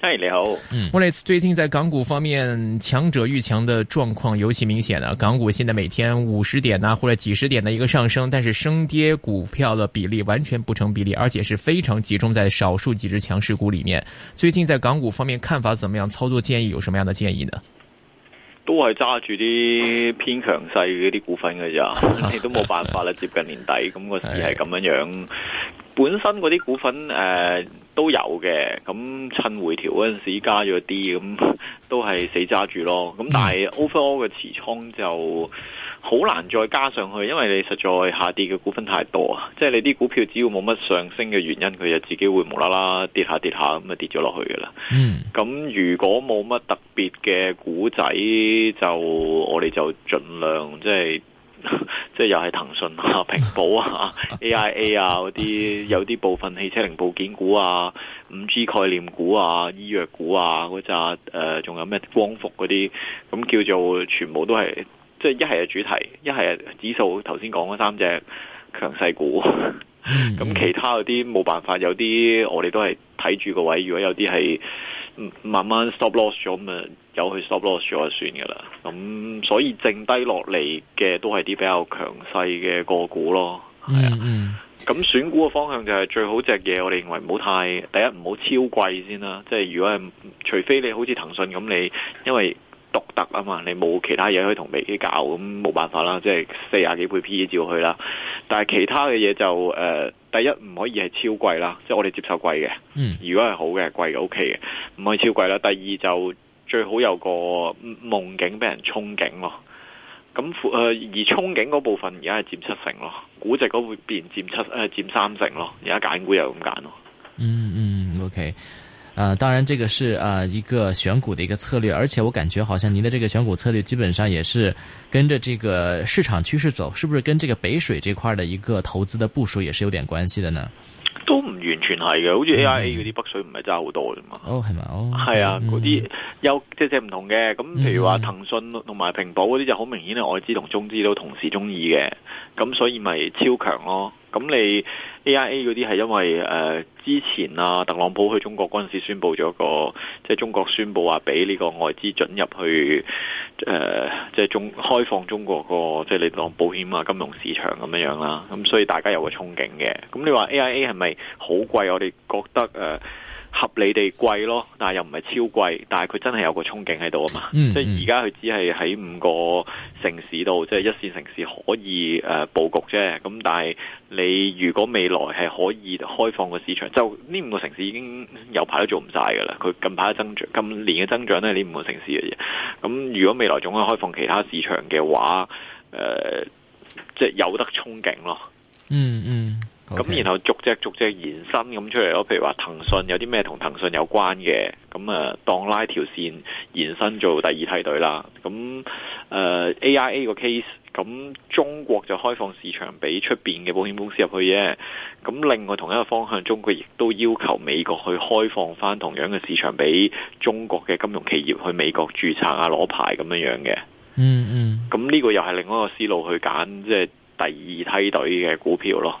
係、hey, 你好，莫里斯。最近在港股方面，強者愈強的狀況尤其明顯啦、啊。港股現在每天五十點啊，或者幾十點的一個上升，但是升跌股票的比例完全不成比例，而且是非常集中在少數幾隻強勢股裏面。最近在港股方面看法怎麼樣？操作建議有什麼樣的建議呢？都係揸住啲偏強勢嗰啲股份㗎咋，你都冇辦法啦。接近年底，咁、那個市係咁樣樣。 哎、本身嗰啲股份誒。呃都有嘅，咁、嗯、趁回調嗰陣時加咗啲，咁、嗯、都係死揸住咯。咁、嗯、但係 overall 嘅持倉就好難再加上去，因為你實在下跌嘅股份太多啊！即係你啲股票只要冇乜上升嘅原因，佢就自己會無啦啦跌下跌下咁啊，跌咗落去㗎啦。嗯，咁如果冇乜特別嘅股仔，就我哋就盡量即係。就是 即係又係騰訊啊、平保啊、A I A 啊嗰啲，有啲部分汽車零部件股啊、五 G 概念股啊、醫藥股啊嗰紮誒，仲、呃、有咩光伏嗰啲，咁叫做全部都係即係一係係主題，一係指數頭先講嗰三隻強勢股，咁、mm hmm. 其他嗰啲冇辦法，有啲我哋都係睇住個位，如果有啲係慢慢 stop loss 咗咪。有去 stop loss 咗就算噶啦。咁所以剩低落嚟嘅都係啲比較強勢嘅個股咯，係啊。咁、mm hmm. 選股嘅方向就係最好隻嘢，我哋認為唔好太，第一，唔好超貴先啦。即係如果係除非你好似騰訊咁，你因為獨特啊嘛，你冇其他嘢可以同微機搞，咁冇辦法啦。即係四廿幾倍 PE 照去啦。但係其他嘅嘢就誒、呃，第一唔可以係超貴啦。即係我哋接受貴嘅。如果係好嘅，貴嘅 O K 嘅，唔可以超貴啦。第二就。最好有個夢境俾人憧憬咯，咁誒而憧憬嗰部分而家係佔七成咯，估值，嗰會變佔七誒佔、呃、三成咯，而家揀股又咁揀咯。嗯嗯，OK，啊、呃、當然這個是啊一個選股的一個策略，而且我感覺好像您的這個選股策略基本上也是跟着這個市場趨勢走，是不是跟這個北水這塊的一個投資的部署也是有點關係的呢？都唔完全係嘅，好似 AIA 嗰啲北水唔係揸好多嘅嘛。哦，係咪啊？係啊，嗰啲有即係唔同嘅。咁譬如話騰訊同埋平保嗰啲就好明顯係外資同中資都同時中意嘅，咁所以咪超強咯。咁你 AIA 嗰啲係因為誒、呃、之前啊，特朗普去中國嗰陣時宣佈咗個，即、就、係、是、中國宣佈話俾呢個外資准入去誒，即、呃、係、就是、中開放中國個，即、就、係、是、你當保險啊、金融市場咁樣啦。咁所以大家有個憧憬嘅。咁你話 AIA 係咪好貴？我哋覺得誒。呃合理地貴咯，但係又唔係超貴，但係佢真係有個憧憬喺度啊嘛。嗯嗯，即係而家佢只係喺五個城市度，即、就、係、是、一線城市可以誒佈、呃、局啫。咁但係你如果未來係可以開放個市場，就呢五個城市已經有排都做唔晒㗎啦。佢近排嘅增長，近年嘅增長咧，呢五個城市嘅嘢。咁如果未來可以開放其他市場嘅話，誒、呃，即、就、係、是、有得憧憬咯。嗯嗯。咁 Okay. 然後逐隻逐隻延伸咁出嚟咯，譬如話騰訊有啲咩同騰訊有關嘅，咁、嗯、啊當拉條線延伸做第二梯隊啦。咁、嗯、誒、呃、AIA 個 case，咁、嗯、中國就開放市場俾出邊嘅保險公司入去啫。咁、嗯、另外同一個方向，中國亦都要求美國去開放翻同樣嘅市場俾中國嘅金融企業去美國註冊啊攞牌咁樣樣嘅。嗯嗯。咁呢、嗯嗯、個又係另一個思路去揀即係第二梯隊嘅股票咯。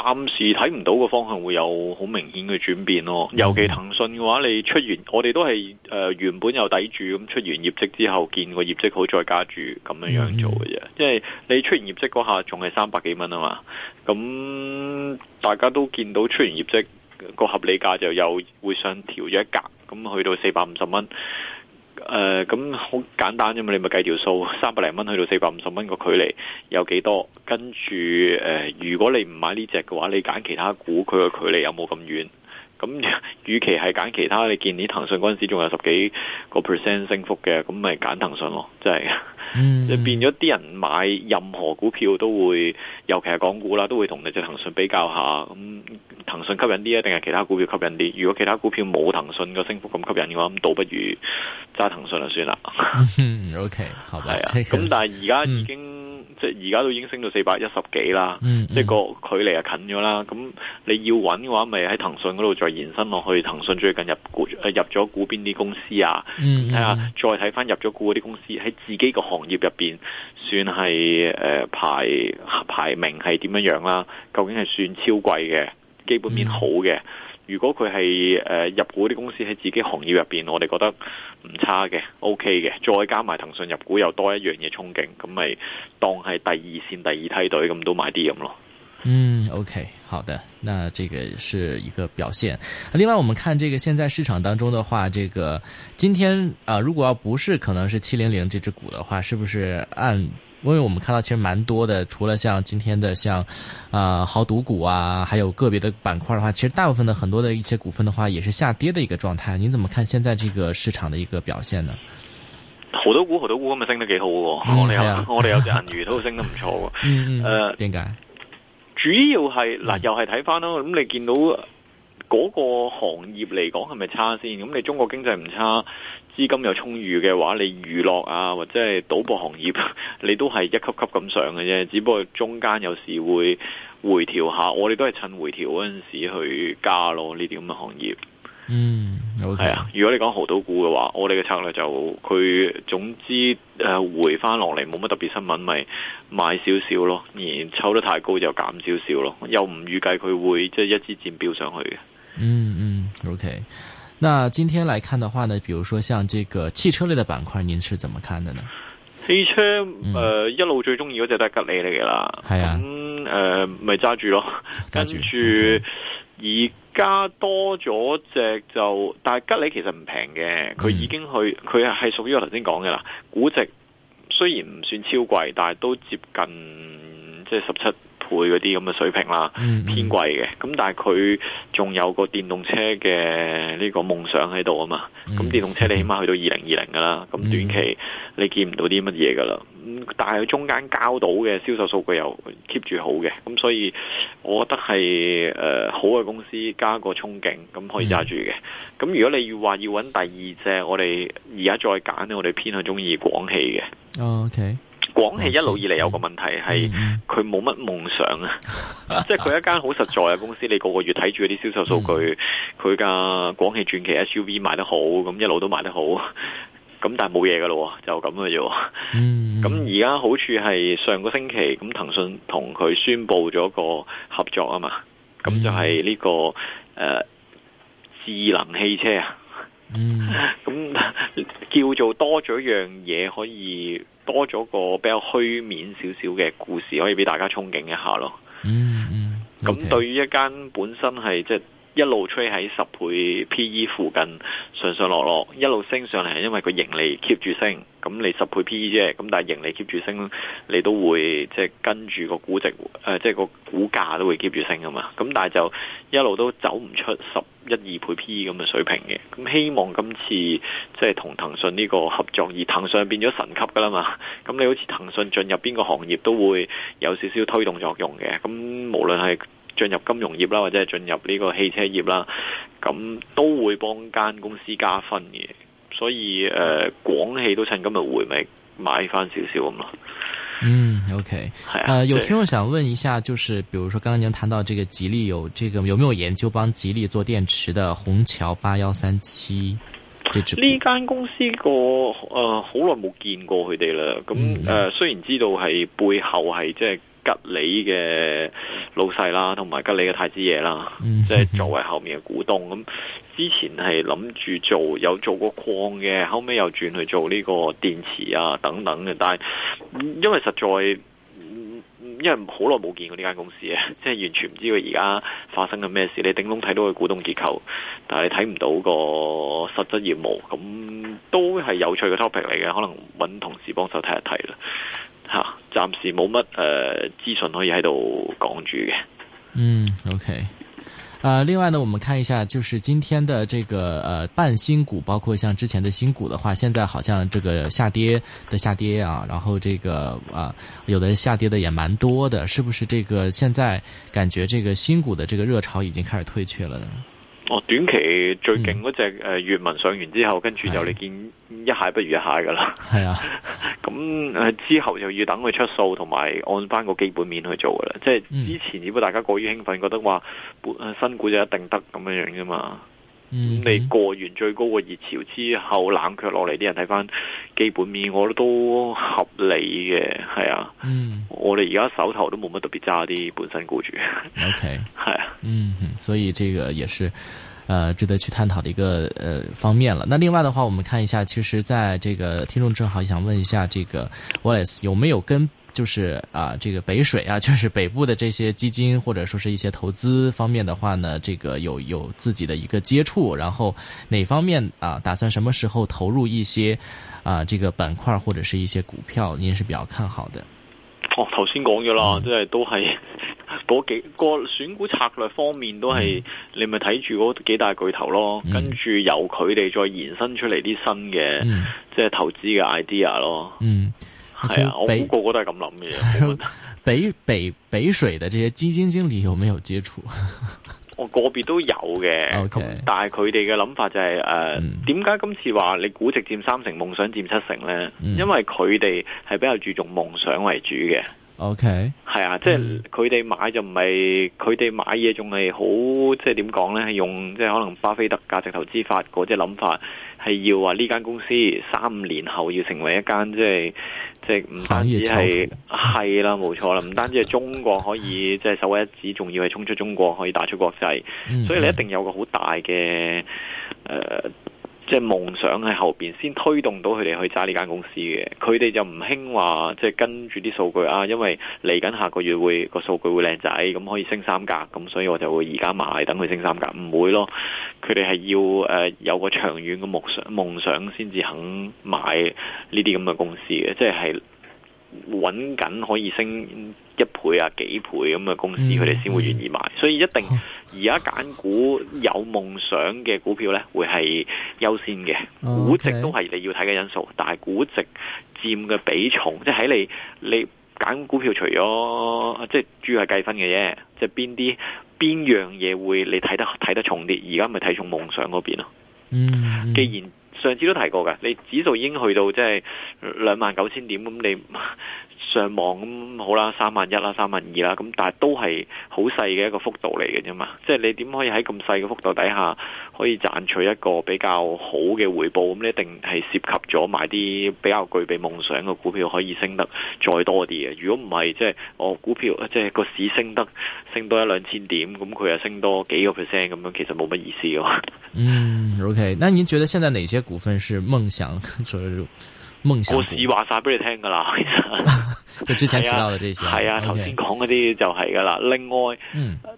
暫時睇唔到個方向會有好明顯嘅轉變咯，尤其騰訊嘅話，你出完我哋都係誒、呃、原本有抵住咁出完業績之後見個業績好再加住咁樣樣做嘅啫，因為、嗯、你出完業績嗰下仲係三百幾蚊啊嘛，咁大家都見到出完業績個合理價就有會上調咗一格，咁去到四百五十蚊。誒，咁好、呃、簡單啫嘛，你咪計條數，三百零蚊去到四百五十蚊個距離有幾多？跟住，誒、呃，如果你唔買呢隻嘅話，你揀其他股，佢嘅距離有冇咁遠？咁，嗯、與其係揀其他，你見啲騰訊嗰陣時仲有十幾個 percent 升幅嘅，咁咪揀騰訊咯，真係。嗯。就變咗啲人買任何股票都會，尤其係港股啦，都會同你隻騰訊比較下，咁、嗯、騰訊吸引啲啊，定係其他股票吸引啲？如果其他股票冇騰訊個升幅咁吸引嘅話，咁倒不如揸騰訊就算啦、嗯。OK，係啊。咁 但係而家已經、嗯。即係而家都已經升到四百一十幾啦，嗯嗯、即係個距離啊近咗啦。咁你要揾嘅話，咪、就、喺、是、騰訊嗰度再延伸落去。騰訊最近入股誒入咗股邊啲公司啊？睇下、嗯嗯啊、再睇翻入咗股嗰啲公司喺自己個行業入邊算係誒、呃、排排名係點樣樣、啊、啦？究竟係算超貴嘅基本面好嘅？嗯嗯如果佢係誒入股啲公司喺自己行業入邊，我哋覺得唔差嘅，OK 嘅，再加埋騰訊入股又多一樣嘢憧憬，咁咪當係第二線、第二梯隊咁都買啲咁咯。嗯，OK，好的，那這個是一個表現。另外，我們看這個現在市場當中的話，這個今天啊、呃，如果要不是可能是七零零這隻股的話，是不是按？因為我們看到其實蠻多的，除了像今天的像，啊、呃、豪賭股啊，還有個別的板塊的話，其實大部分的很多的一些股份的話，也是下跌的一個狀態。你怎麼看現在這個市場的一個表現呢？好多股好多股咁咪升得幾好喎，嗯、我哋有、啊、我哋有隻銀魚都升得唔錯，嗯嗯，誒點解？何主要係嗱，又係睇翻咯，咁、嗯、你見到嗰個行業嚟講係咪差先？咁你中國經濟唔差。資金又充裕嘅話，你娛樂啊或者係賭博行業， 你都係一級級咁上嘅啫。只不過中間有時會回調下，我哋都係趁回調嗰陣時去加咯。呢啲咁嘅行業，嗯，係、okay. 啊。如果你講豪賭股嘅話，我哋嘅策略就佢總之誒、啊、回翻落嚟冇乜特別新聞，咪買少少咯。而抽得太高就減少少咯。又唔預計佢會即係、就是、一支箭標上去嘅、嗯。嗯嗯，OK。那今天來看的話呢，比如說像這個汽車類的板塊，您是怎麼看的呢？汽車一路最中意嗰隻都係吉利嚟噶啦，咁誒咪揸住咯。跟住，而家多咗隻就，但係吉利其實唔平嘅，佢、嗯、已經去，佢係屬於我頭先講嘅啦。估值雖然唔算超貴，但係都接近即係十七。會嗰啲咁嘅水平啦，偏貴嘅。咁、嗯、但係佢仲有個電動車嘅呢個夢想喺度啊嘛。咁、嗯、電動車你起碼去到二零二零噶啦。咁、嗯、短期你見唔到啲乜嘢噶啦。咁但係佢中間交到嘅銷售數據又 keep 住好嘅。咁所以我覺得係誒、呃、好嘅公司加個憧憬，咁可以揸住嘅。咁、嗯、如果你要話要揾第二隻，我哋而家再揀呢，我哋偏向中意廣汽嘅。哦、o、okay. k 廣汽一路以嚟，有個問題係佢冇乜夢想啊， 即係佢一間好實在嘅公司， 你個個月睇住啲銷售數據，佢架廣汽傳奇 SUV 賣得好，咁一路都賣得好，咁但係冇嘢噶咯，就咁啊，就、嗯，咁而家好處係上個星期咁騰訊同佢宣布咗個合作啊嘛，咁就係呢、呢個誒、嗯呃、智能汽車啊。嗯，咁、mm hmm. 叫做多咗一樣嘢，可以多咗個比較虛面少少嘅故事，可以俾大家憧憬一下咯。嗯、mm，咁、hmm. Okay. 對於一間本身係即係。就是一路吹喺十倍 P/E 附近，上上落落，一路升上嚟，係因為佢盈利 keep 住升，咁你十倍 P/E 啫，咁但係盈利 keep 住升，你都會即係跟住個估值，誒，即係個股價都會 keep 住升噶嘛，咁但係就一路都走唔出十一二倍 P/E 咁嘅水平嘅，咁希望今次即係同騰訊呢個合作，而騰訊變咗神級噶啦嘛，咁你好似騰訊進入邊個行業都會有少少推動作用嘅，咁無論係。進入金融業啦，或者係進入呢個汽車業啦，咁都會幫間公司加分嘅。所以誒、廣、呃、汽都趁今日會咪買翻少少咁咯。嗯，OK，係啊、呃。有聽眾想問一下，就是，比如說，剛剛您經談到這個吉利，有這個有沒有研究幫吉利做電池的？紅橋八幺三七，呢間公司個誒，好耐冇見過佢哋啦。咁誒、嗯，雖然知道係背後係即係。吉利嘅老細啦，同埋吉利嘅太子爺啦，即係作為後面嘅股東。咁之前係諗住做，有做過礦嘅，後尾又轉去做呢個電池啊等等嘅。但係因為實在，因為好耐冇見過呢間公司啊，即係完全唔知佢而家發生緊咩事。你頂籠睇到佢股東結構，但係你睇唔到個實質業務咁。都係有趣嘅 topic 嚟嘅，可能揾同事幫手睇一睇啦。吓、啊，暫時冇乜誒資訊可以喺度講住嘅。嗯，OK、呃。啊，另外呢，我們看一下，就是今天的這個誒、呃、半新股，包括像之前的新股的話，現在好像這個下跌的下跌啊，然後這個啊、呃，有的下跌的也蠻多的，是不是？這個現在感覺這個新股的這個熱潮已經開始退卻了呢？哦，短期最勁嗰隻誒，粵、嗯呃、文上完之後，跟住就你見一蟹不如一蟹噶啦，係啊，咁誒、 嗯嗯、 之後又要等佢出數，同埋按翻個基本面去做噶啦，即係之前如果大家過於興奮，覺得話新股就一定得咁樣樣噶嘛。嗯、你過完最高嘅熱潮之後冷卻落嚟，啲人睇翻基本面，我都都合理嘅，係啊。嗯，我哋而家手頭都冇乜特別揸啲本身雇主 OK，係啊。嗯，所以呢個也是，呃，值得去探討嘅一個呃方面啦。那另外嘅話，我們看一下，其實在這個聽眾正好想問一下，這個 Wallace 有沒有跟？就是啊，這個北水啊，就是北部的這些基金，或者說是一些投資方面的話呢，這個有有自己的一個接觸，然後哪方面啊，打算什麼時候投入一些啊，這個板塊或者是一些股票，您是比較看好的？哦，頭先講咗啦，嗯、即係都係嗰幾個選股策略方面都係，你咪睇住嗰幾大巨頭咯，跟住、嗯、由佢哋再延伸出嚟啲新嘅，嗯、即係投資嘅 idea 咯。嗯。係啊，給我估個個都係咁諗嘅。北北北水嘅這些基金經理有沒有接觸？ 我個別都有嘅，Okay. 但係佢哋嘅諗法就係、是、誒，點、呃、解、嗯、今次話你估值占三成，夢想占七成呢？嗯、因為佢哋係比較注重夢想為主嘅。OK，係啊，即係佢哋買就唔係，佢哋買嘢仲係好，即係點講呢？係用即係可能巴菲特價值投資法嗰即係諗法，係要話呢間公司三年後要成為一間即係即係唔單止係係啦，冇錯啦，唔單止係中國可以 即係首屈一指，仲要係衝出中國可以打出國際，所以你一定有個好大嘅誒。呃即係夢想喺後邊先推動到佢哋去揸呢間公司嘅。佢哋就唔興話即係跟住啲數據啊，因為嚟緊下，下個月會個數據會靚仔，咁可以升三格，咁所以我就會而家買，等佢升三格，唔會咯。佢哋係要誒、呃、有個長遠嘅夢想，夢想先至肯買呢啲咁嘅公司嘅，即係。揾緊可以升一倍啊幾倍咁嘅公司，佢哋先會願意買，嗯、所以一定而家揀股有夢想嘅股票呢，會係優先嘅。估值都係你要睇嘅因素，哦 okay. 但係估值佔嘅比重，即係喺你你揀股票除咗即係主要係計分嘅啫，即係邊啲邊樣嘢會你睇得睇得重啲？而家咪睇重夢想嗰邊咯。嗯，既然上次都提過嘅，你指數已經去到即係兩萬九千點，咁你上望咁好啦，三萬一啦，三萬二啦，咁但係都係好細嘅一個幅度嚟嘅啫嘛。即係你點可以喺咁細嘅幅度底下可以賺取一個比較好嘅回報？咁你一定係涉及咗買啲比較具備夢想嘅股票可以升得再多啲嘅。如果唔係，即係我股票即係個市升得升多一兩千點，咁佢又升多幾個 percent 咁樣，tas，其實冇乜意思嘅。嗯。 OK，那您覺得現在哪些股份是夢想？所以夢想，我已話晒俾你聽噶啦，其實 就之前提到的這些，係啊，頭先講嗰啲就係噶啦。另外，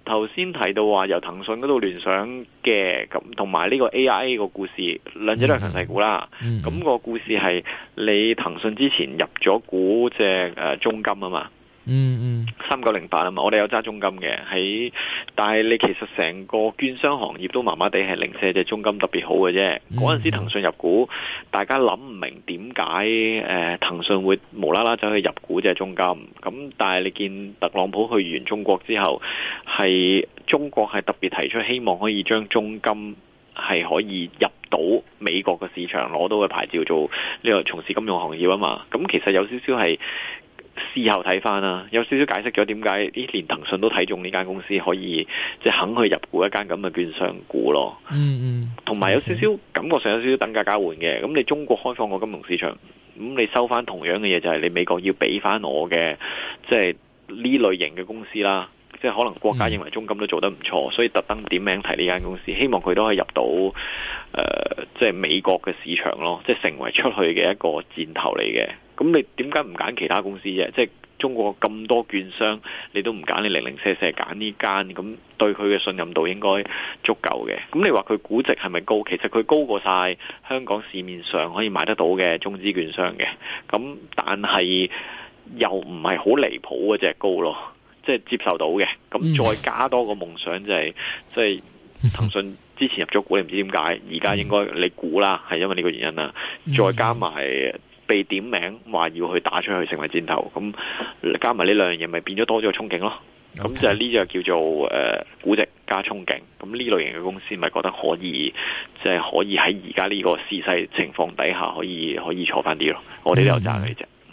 頭先、嗯、提到話由騰訊嗰度聯想嘅咁，同埋呢個 AIA、嗯、個故事，兩者都係強勢股啦。咁個故事係你騰訊之前入咗股隻誒、呃、中金啊嘛。嗯嗯，三九零八啊嘛，hmm. 8, 我哋有揸中金嘅，喺但係你其實成個券商行業都麻麻地係零舍，隻中金特別好嘅啫。嗰陣、mm hmm. 時騰訊入股，大家諗唔明點解誒騰訊會無啦啦走去入股隻中金。咁但係你見特朗普去完中國之後，係中國係特別提出希望可以將中金係可以入到美國嘅市場攞到嘅牌照做呢、這個從事金融行業啊嘛。咁其實有少少係。事後睇翻啦，有少少解釋咗點解，啲連騰訊都睇中呢間公司，可以即係肯去入股一間咁嘅券商股咯。嗯嗯，同、嗯、埋有少少、嗯、感覺上有少少等價交換嘅。咁你中國開放個金融市場，咁你收翻同樣嘅嘢，就係你美國要俾翻我嘅，即係呢類型嘅公司啦。即係可能國家認為中金都做得唔錯，嗯、所以特登點名提呢間公司，希望佢都可以入到誒、呃，即係美國嘅市場咯，即係成為出去嘅一個箭頭嚟嘅。咁你點解唔揀其他公司啫？即係中國咁多券商，你都唔揀，你零零四四揀呢間，咁對佢嘅信任度應該足夠嘅。咁你話佢估值係咪高？其實佢高過晒香港市面上可以買得到嘅中資券商嘅。咁但係又唔係好離譜嗰隻高咯，即係接受到嘅。咁再加多個夢想就係，即係騰訊之前入咗股，你唔知點解而家應該你估啦，係，嗯，因為呢個原因啦。再加埋。被點名話要去打出去成為箭頭，咁加埋呢兩樣嘢，咪變咗多咗個憧憬咯。咁 Okay. 就係呢隻叫做誒估值加憧憬，咁呢類型嘅公司咪覺得可以，即、就、係、是、可以喺而家呢個市勢情況底下可，可以可以坐翻啲咯。嗯、我哋有揸佢啫。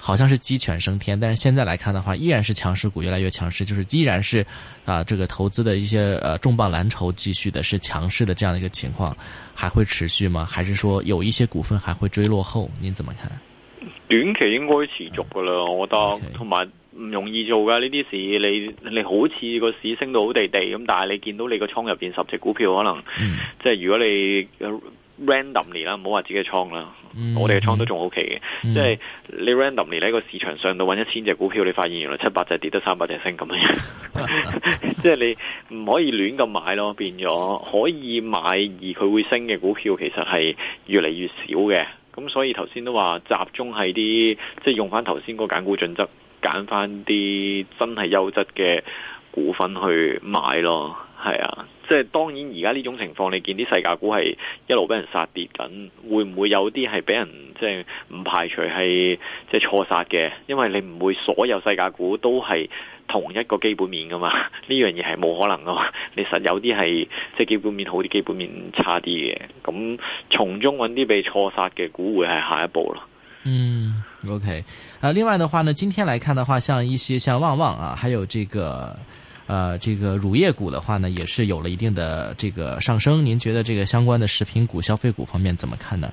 好像是雞犬升天，但是現在來看的話，依然是強勢股越來越強勢，就是依然是啊，這個投資的一些呃重磅藍籌繼續的是強勢的這樣的一個情況，還會持續嗎？還是說有一些股份還會追落後？您怎麼看？短期應該持續㗎喇，我覺得，同埋唔容易做㗎呢啲事，你你好似個市升到好地地咁，但係你見到你個倉入邊十隻股票可能，嗯、即係如果你。randomly 啦，唔好話自己嘅倉啦，嗯、我哋嘅倉都仲 OK 嘅，嗯、即係你 randomly 喺個市場上度揾一千隻股票，你發現原來七百隻跌得三百隻升咁樣，即係你唔可以亂咁買咯，變咗可以買而佢會升嘅股票，其實係越嚟越少嘅，咁所以頭先都話集中係啲，即係用翻頭先嗰揀股準則揀翻啲真係優質嘅股份去買咯。係啊，即係當然而家呢種情況，你見啲世界股係一路俾人殺跌緊，會唔會有啲係俾人即係唔排除係即係錯殺嘅？因為你唔會所有世界股都係同一個基本面噶嘛，呢樣嘢係冇可能噶嘛。你實有啲係即係基本面好啲，基本面差啲嘅，咁從中揾啲被錯殺嘅股會係下一步咯。嗯，OK。啊，另外嘅話呢，今天嚟看嘅話，像一些像旺旺啊，還有這個。啊、呃，這個乳業股的話呢，也是有了一定的這個上升。您覺得這個相關的食品股、消費股方面怎麼看呢？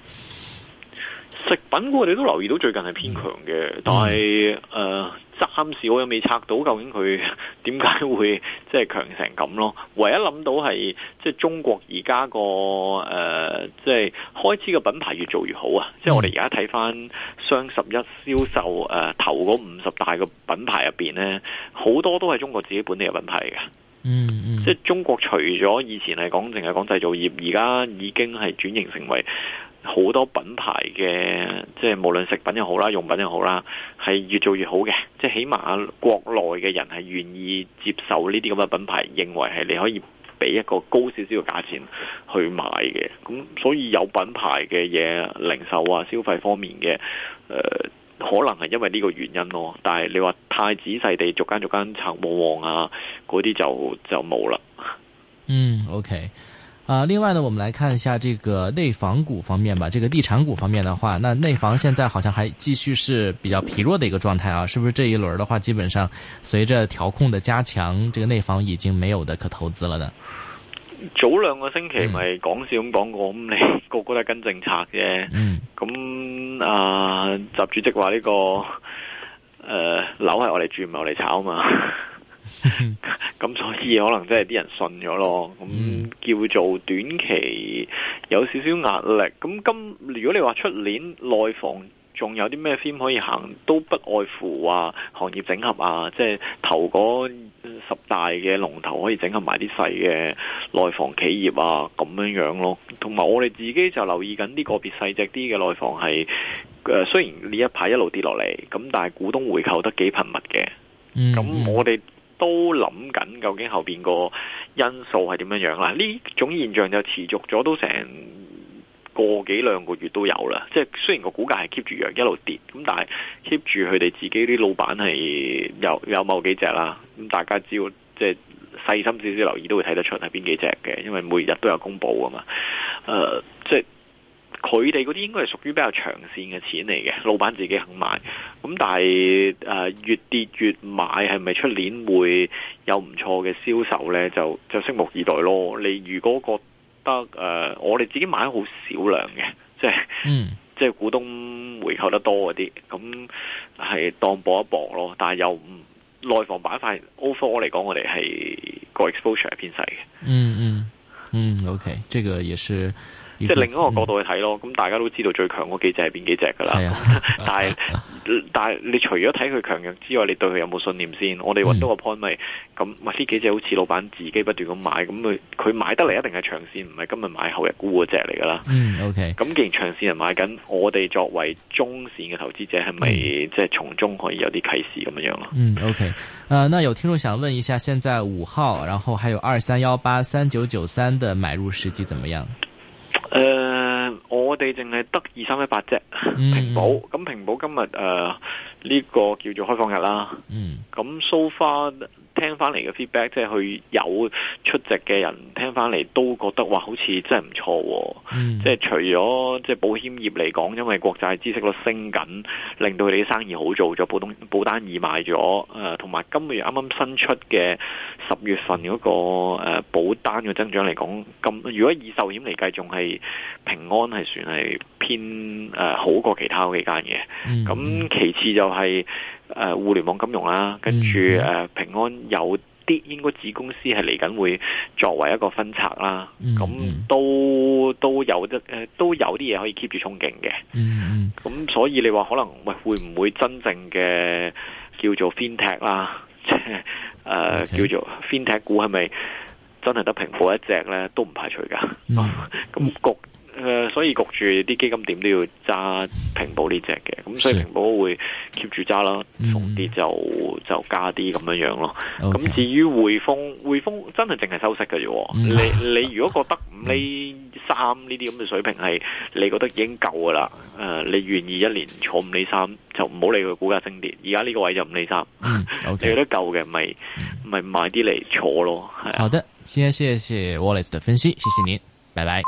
食品我哋都留意到最近係偏強嘅，但係誒，暫、嗯呃、時我又未拆到究竟佢點解會即係強成咁咯。唯一諗到係即係中國而家個誒，即、呃、係、即係、開始嘅品牌越做越好啊！嗯、即係我哋而家睇翻雙十一銷售誒、呃、頭嗰五十大個品牌入邊咧，好多都係中國自己本地嘅品牌嚟嘅，嗯。嗯，即係中國除咗以前係講淨係講製造業，而家已經係轉型成為。好多品牌嘅，即係無論食品又好啦，用品又好啦，係越做越好嘅。即係起碼國內嘅人係願意接受呢啲咁嘅品牌，認為係你可以俾一個高少少嘅價錢去買嘅。咁所以有品牌嘅嘢，零售啊、消費方面嘅，誒、呃，可能係因為呢個原因咯。但係你話太仔細地逐間逐間查旺旺啊，嗰啲就就冇啦。嗯，OK。啊，另外呢，我們來看一下這個內房股方面吧。這個地產股方面的話，那內房現在好像還繼續是比較疲弱的一個狀態啊。是不是這一輪的話，基本上隨着調控的加強，這個內房已經沒有的可投資了呢？早兩個星期咪講、嗯、笑講過，咁你個個都跟政策嘅。嗯。咁啊、呃，習主席話呢、這個，誒、呃，樓係我哋住，唔係我哋炒嘛。 咁所以可能即係啲人信咗咯，咁叫做短期有少少壓力。咁今如果你話出年內房仲有啲咩 theme 可以行，都不外乎話、啊、行業整合啊，即係頭嗰十大嘅龍頭可以整合埋啲細嘅內房企業啊，咁樣樣咯。同埋我哋自己就留意緊啲、這個別細隻啲嘅內房係，誒、呃、雖然呢一排一路跌落嚟，咁但係股東回購得幾頻密嘅。咁、嗯、我哋。都諗緊究竟後邊個因素係點樣樣啦？呢種現象就持續咗都成個幾兩個月都有啦。即係雖然個股價係 keep 住弱一路跌，咁但係 keep 住佢哋自己啲老闆係有有某幾隻啦。咁大家只要即係細心少少留意都會睇得出係邊幾隻嘅，因為每日都有公布啊嘛。誒、呃、即係。佢哋嗰啲應該係屬於比較長線嘅錢嚟嘅，老闆自己肯買。咁但係誒、呃、越跌越買，係咪出年會有唔錯嘅銷售呢？就就拭目以待咯。你如果覺得誒、呃，我哋自己買好少量嘅，即係、嗯、即係股東回購得多嗰啲，咁係當搏一搏咯。但係又唔內房板塊 overall 嚟講，我哋係、個 exposure 係偏細嘅、嗯。嗯嗯。嗯，OK，這個也是個，即係另一個角度去睇咯。咁大家都知道最強嗰幾隻係邊幾隻噶啦，但係。但係，你除咗睇佢強弱之外，你對佢有冇信念先？嗯、我哋揾到個 point 咪？咁麥斯幾隻好似老闆自己不斷咁買，咁佢佢買得嚟一定係長線，唔係今日買後日沽嗰隻嚟噶啦。嗯，OK。咁既然長線人買緊，我哋作為中線嘅投資者是是、嗯，係咪即係從中可以有啲啟示咁樣咯？OK 誒，那有聽眾想問一下，現在五號，然後還有二三幺八三九九三的買入時機怎麼樣？誒、呃。我哋淨係得二三一八啫，嗯、平保，咁平保今日誒呢個叫做開放日啦，嗯，咁 so far。聽翻嚟嘅 feedback，即係去有出席嘅人聽翻嚟都覺得哇，好似真係唔錯喎、啊。Mm. 即係除咗即係保險業嚟講，因為國債孳息率升緊，令到佢哋啲生意好做咗，保單、呃剛剛那個呃、保單易賣咗。誒，同埋今個月啱啱新出嘅十月份嗰個保單嘅增長嚟講，咁如果以壽險嚟計，仲係平安係算係偏誒、呃、好過其他幾間嘢。咁、mm. 其次就係、是。誒、呃，互聯網金融啦、啊，跟住誒平安有啲應該子公司係嚟緊會作為一個分拆啦，咁、嗯嗯、都都有啲誒、呃、都有啲嘢可以 keep 住憧憬嘅，咁、嗯嗯、所以你話可能喂會唔會真正嘅叫做 Fintech 啦，即係誒叫做 Fintech 股係咪真係得平保一隻咧？都唔排除噶，咁局、嗯。嗯嗯誒，所以焗住啲基金點都要揸平保呢隻嘅，咁所以平保會 keep 住揸啦，逢啲就就加啲咁樣樣咯。咁至於匯豐，匯豐真係淨係收息嘅啫。你你如果覺得五厘三呢啲咁嘅水平係你覺得已經夠噶啦，誒，你願意一年坐五厘三就唔好理佢股價升跌，而家呢個位就五厘三，你覺得夠嘅咪咪買啲嚟坐咯。好的，先謝謝 Wallace 的分析，謝謝您，拜拜。